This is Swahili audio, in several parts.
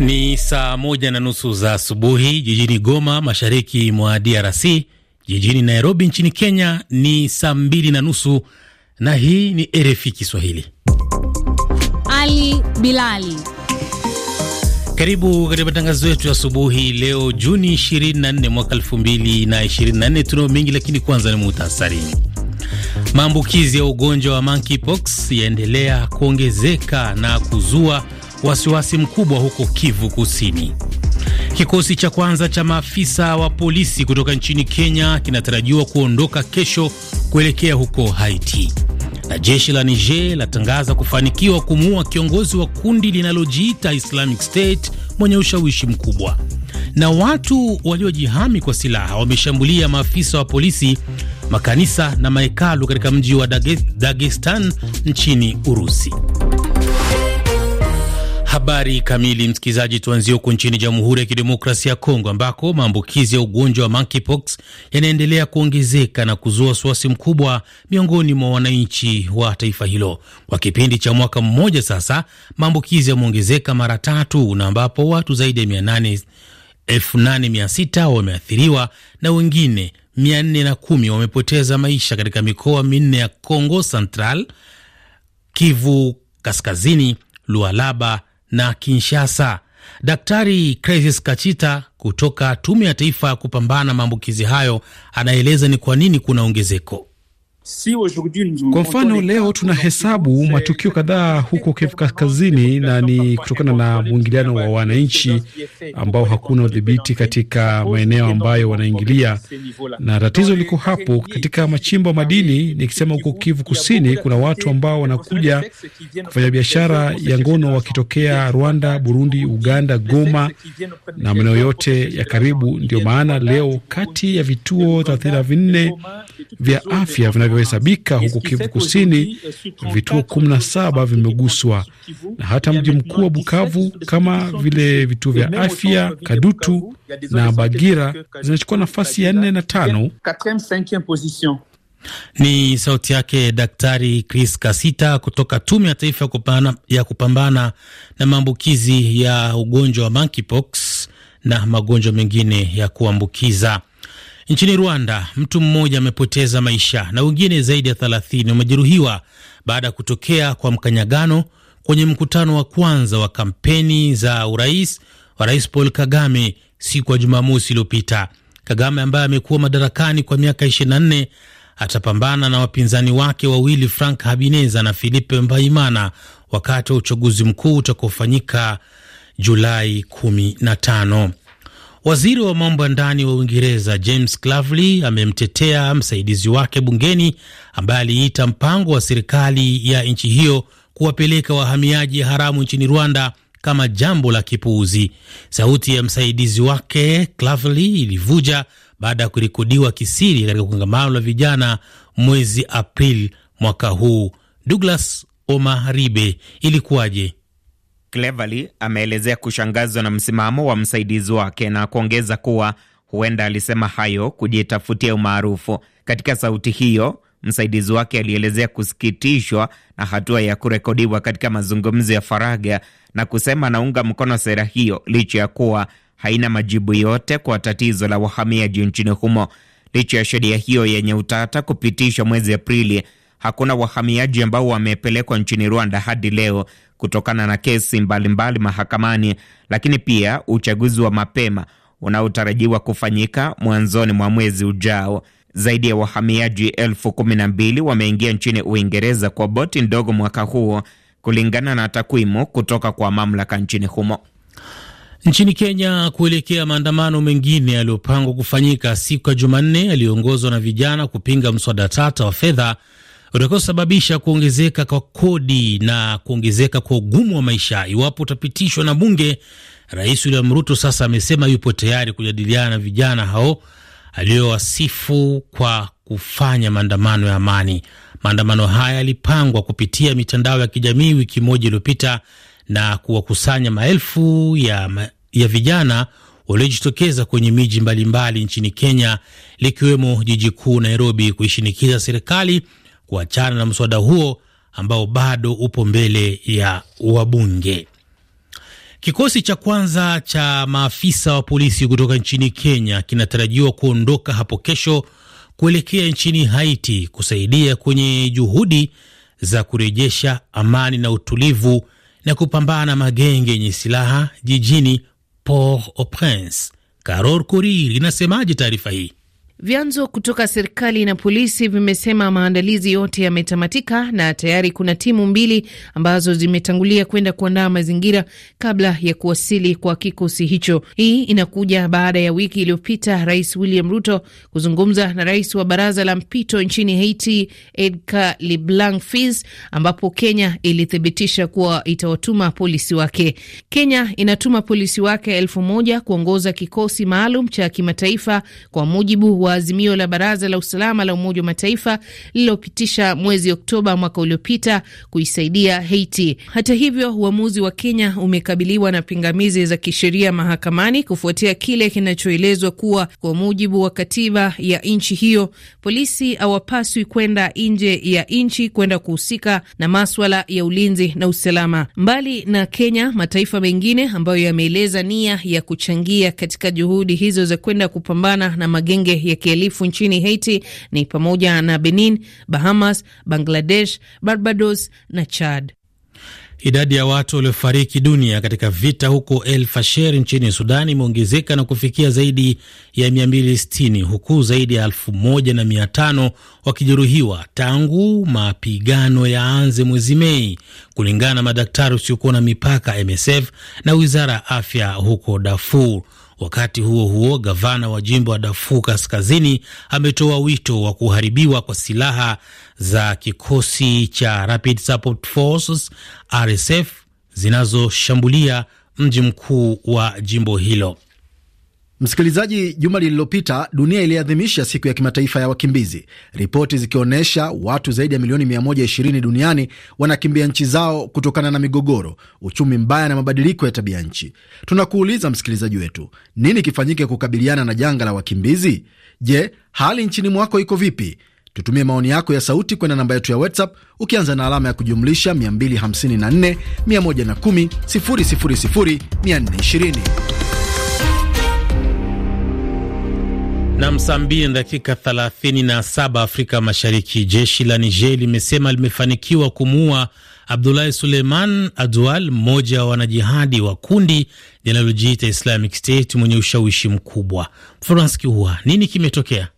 Ni saa moja na nusu za asubuhi jijini Goma, mashariki mwa DRC. Jijini Nairobi nchini Kenya ni saa mbili na nusu, na hii ni RFI Kiswahili. Ali Bilali, karibu katika matangazo yetu ya asubuhi leo Juni 24 mwaka 2024. Tunao mengi, lakini kwanza ni muhtasari. Maambukizi ya ugonjwa wa monkeypox yaendelea kuongezeka na kuzua wasiwasi mkubwa huko Kivu Kusini. Kikosi cha kwanza cha maafisa wa polisi kutoka nchini Kenya kinatarajiwa kuondoka kesho kuelekea huko Haiti. Na jeshi la Niger latangaza kufanikiwa kumuua kiongozi wa kundi linalojiita Islamic State mwenye ushawishi mkubwa. Na watu waliojihami kwa silaha wameshambulia maafisa wa polisi, makanisa na mahekalu katika mji wa Dagestan nchini Urusi. Habari kamili, msikilizaji, tuanzie huko nchini Jamhuri ya Kidemokrasia ya Kongo ambako maambukizi ya ugonjwa wa monkeypox yanaendelea kuongezeka na kuzua wasiwasi mkubwa miongoni mwa wananchi wa taifa hilo. Kwa kipindi cha mwaka mmoja sasa, maambukizi yameongezeka mara tatu, na ambapo watu zaidi ya mia nane elfu nane mia sita wameathiriwa na wengine 410 wamepoteza maisha katika mikoa minne ya Congo Central, Kivu Kaskazini, Lualaba na Kinshasa. Daktari Clevis Kachita kutoka Tume ya Taifa ya Kupambana Maambukizi hayo anaeleza ni kwa nini kuna ongezeko kwa mfano leo tunahesabu matukio kadhaa huko Kivu Kaskazini, na ni kutokana na mwingiliano wa wananchi ambao hakuna udhibiti katika maeneo ambayo wanaingilia, na tatizo liko hapo katika machimbo madini. Nikisema huko Kivu Kusini, kuna watu ambao wanakuja kufanya biashara ya ngono wakitokea Rwanda, Burundi, Uganda, Goma na maeneo yote ya karibu. Ndio maana leo kati ya vituo vinne vya afya vina vinavyohesabika huku Kivu Kusini, eh, vituo 17 vimeguswa na hata mji mkuu wa Bukavu kama vile vituo vya afya Kadutu na Bagira zinachukua nafasi ya nne na tano. Ni sauti yake Daktari Chris Kasita kutoka Tume ya Taifa ya Kupambana na Maambukizi ya Ugonjwa wa Monkeypox na magonjwa mengine ya kuambukiza. Nchini Rwanda, mtu mmoja amepoteza maisha na wengine zaidi ya 30 wamejeruhiwa baada ya kutokea kwa mkanyagano kwenye mkutano wa kwanza wa kampeni za urais wa Rais Paul Kagame siku ya Jumamosi iliyopita. Kagame ambaye amekuwa madarakani kwa miaka 24 atapambana na wapinzani wake wawili Frank Habineza na Filipe Mbaimana wakati wa uchaguzi mkuu utakaofanyika Julai 15. Waziri wa mambo ya ndani wa Uingereza James Cleverly amemtetea msaidizi wake bungeni ambaye aliita mpango wa serikali ya nchi hiyo kuwapeleka wahamiaji haramu nchini Rwanda kama jambo la kipuuzi. Sauti ya msaidizi wake Cleverly ilivuja baada ya kurekodiwa kisiri katika kongamano la vijana mwezi Aprili mwaka huu. Douglas Omaribe, ilikuwaje? Cleverly ameelezea kushangazwa na msimamo wa msaidizi wake na kuongeza kuwa huenda alisema hayo kujitafutia umaarufu. Katika sauti hiyo, msaidizi wake alielezea kusikitishwa na hatua ya kurekodiwa katika mazungumzo ya faragha na kusema anaunga mkono sera hiyo licha ya kuwa haina majibu yote kwa tatizo la wahamiaji nchini humo. Licha ya sheria hiyo yenye utata kupitishwa mwezi Aprili, hakuna wahamiaji ambao wamepelekwa nchini Rwanda hadi leo, kutokana na kesi mbalimbali mbali mahakamani, lakini pia uchaguzi wa mapema unaotarajiwa kufanyika mwanzoni mwa mwezi ujao. Zaidi ya wahamiaji elfu kumi na mbili wameingia nchini Uingereza kwa boti ndogo mwaka huo kulingana na takwimu kutoka kwa mamlaka nchini humo. Nchini Kenya, kuelekea maandamano mengine yaliyopangwa kufanyika siku ya Jumanne yaliyoongozwa na vijana kupinga mswada tata wa fedha utakaosababisha kuongezeka kwa kodi na kuongezeka kwa ugumu wa maisha iwapo utapitishwa na Bunge. Rais William Ruto sasa amesema yupo tayari kujadiliana na vijana hao aliyowasifu kwa kufanya maandamano ya amani. Maandamano haya yalipangwa kupitia mitandao ya kijamii wiki moja iliyopita na kuwakusanya maelfu ya, ma, ya vijana waliojitokeza kwenye miji mbalimbali mbali nchini Kenya likiwemo jiji kuu Nairobi kuishinikiza serikali kuachana na mswada huo ambao bado upo mbele ya wabunge. Kikosi cha kwanza cha maafisa wa polisi kutoka nchini Kenya kinatarajiwa kuondoka hapo kesho kuelekea nchini Haiti kusaidia kwenye juhudi za kurejesha amani na utulivu na kupambana magenge yenye silaha jijini Port au Prince. carol Korir inasemaje taarifa hii? Vyanzo kutoka serikali na polisi vimesema maandalizi yote yametamatika na tayari kuna timu mbili ambazo zimetangulia kwenda kuandaa mazingira kabla ya kuwasili kwa kikosi hicho. Hii inakuja baada ya wiki iliyopita Rais William Ruto kuzungumza na rais wa baraza la mpito nchini Haiti, Edgar Leblanc Fils, ambapo Kenya ilithibitisha kuwa itawatuma polisi wake. Kenya inatuma polisi wake elfu moja kuongoza kikosi maalum cha kimataifa kwa mujibu wa wa azimio la Baraza la Usalama la Umoja wa Mataifa lililopitisha mwezi Oktoba mwaka uliopita kuisaidia Haiti. Hata hivyo, uamuzi wa Kenya umekabiliwa na pingamizi za kisheria mahakamani kufuatia kile kinachoelezwa kuwa kwa mujibu wa katiba ya nchi hiyo, polisi hawapaswi kwenda nje ya nchi kwenda kuhusika na maswala ya ulinzi na usalama. Mbali na Kenya, mataifa mengine ambayo yameeleza nia ya kuchangia katika juhudi hizo za kwenda kupambana na magenge ya kihalifu nchini Haiti ni pamoja na Benin, Bahamas, Bangladesh, Barbados na Chad. Idadi ya watu waliofariki dunia katika vita huko El Fasher nchini Sudan imeongezeka na kufikia zaidi ya 260 huku zaidi ya 1500 wakijeruhiwa tangu mapigano yaanze mwezi Mei, kulingana na madaktari usiokuwa na mipaka MSF na wizara ya afya huko Darfur. Wakati huo huo, gavana wa jimbo wa dafu Kaskazini ametoa wito wa kuharibiwa kwa silaha za kikosi cha Rapid Support Forces RSF zinazoshambulia mji mkuu wa jimbo hilo. Msikilizaji, juma lililopita dunia iliadhimisha siku ya kimataifa ya wakimbizi, ripoti zikionyesha watu zaidi ya milioni 120 duniani wanakimbia nchi zao kutokana na migogoro, uchumi mbaya na mabadiliko ya tabia nchi. Tunakuuliza msikilizaji wetu, nini kifanyike kukabiliana na janga la wakimbizi? Je, hali nchini mwako iko vipi? Tutumie maoni yako ya sauti kwenda namba yetu ya WhatsApp ukianza na alama ya kujumlisha 254 110 000 420. na saa mbili na dakika 37 Afrika Mashariki. Jeshi la Niger limesema limefanikiwa kumuua Abdulahi Suleiman Adual, mmoja wa wanajihadi wa kundi linalojiita Islamic State mwenye ushawishi mkubwa. Franski huwa nini kimetokea?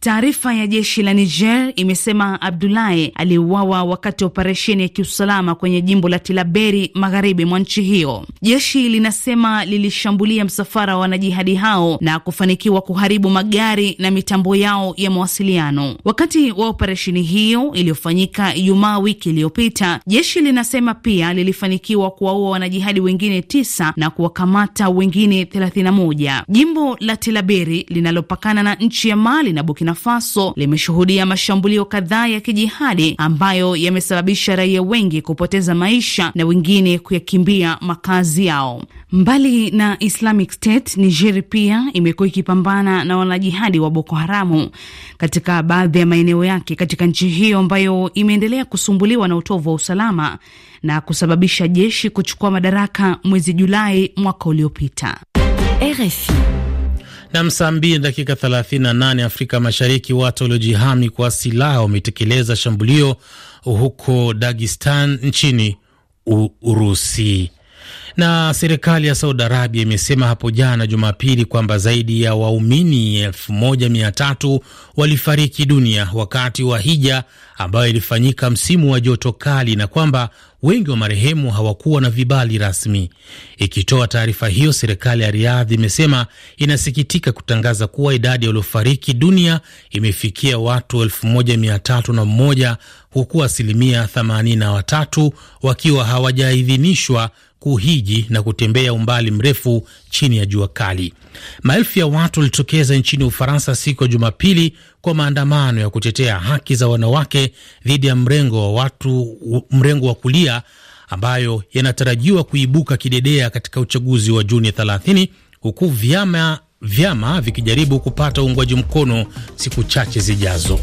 Taarifa ya jeshi la Niger imesema Abdulahi aliuawa wakati wa operesheni ya kiusalama kwenye jimbo la Tilaberi magharibi mwa nchi hiyo. Jeshi linasema lilishambulia msafara wa wanajihadi hao na kufanikiwa kuharibu magari na mitambo yao ya mawasiliano. Wakati wa operesheni hiyo iliyofanyika Ijumaa wiki iliyopita, jeshi linasema pia lilifanikiwa kuwaua wanajihadi wengine tisa na kuwakamata wengine 31. Jimbo la Tilaberi linalopakana na nchi ya Mali na Burkina Burkina Faso limeshuhudia mashambulio kadhaa ya kijihadi ambayo yamesababisha raia wengi kupoteza maisha na wengine kuyakimbia makazi yao. Mbali na Islamic State, Niger pia imekuwa ikipambana na wanajihadi wa Boko Haramu katika baadhi ya maeneo yake katika nchi hiyo ambayo imeendelea kusumbuliwa na utovu wa usalama na kusababisha jeshi kuchukua madaraka mwezi Julai mwaka uliopita. RFI Nam, saa mbili dakika 38 Afrika Mashariki. Watu waliojihami kwa silaha wametekeleza shambulio huko Dagestan nchini U Urusi. Na serikali ya Saudi Arabia imesema hapo jana Jumapili kwamba zaidi ya waumini 1300 walifariki dunia wakati wa hija ambayo ilifanyika msimu wa joto kali na kwamba wengi wa marehemu hawakuwa na vibali rasmi. Ikitoa taarifa hiyo, serikali ya Riadhi imesema inasikitika kutangaza kuwa idadi ya waliofariki dunia imefikia watu 1301 huku asilimia 83 wakiwa hawajaidhinishwa kuhiji na kutembea umbali mrefu chini ya jua kali. Maelfu ya watu walitokeza nchini Ufaransa siku ya Jumapili kwa maandamano ya kutetea haki za wanawake dhidi ya mrengo wa watu mrengo wa kulia ambayo yanatarajiwa kuibuka kidedea katika uchaguzi wa Juni 30 huku vyama vyama vikijaribu kupata uungwaji mkono siku chache zijazo.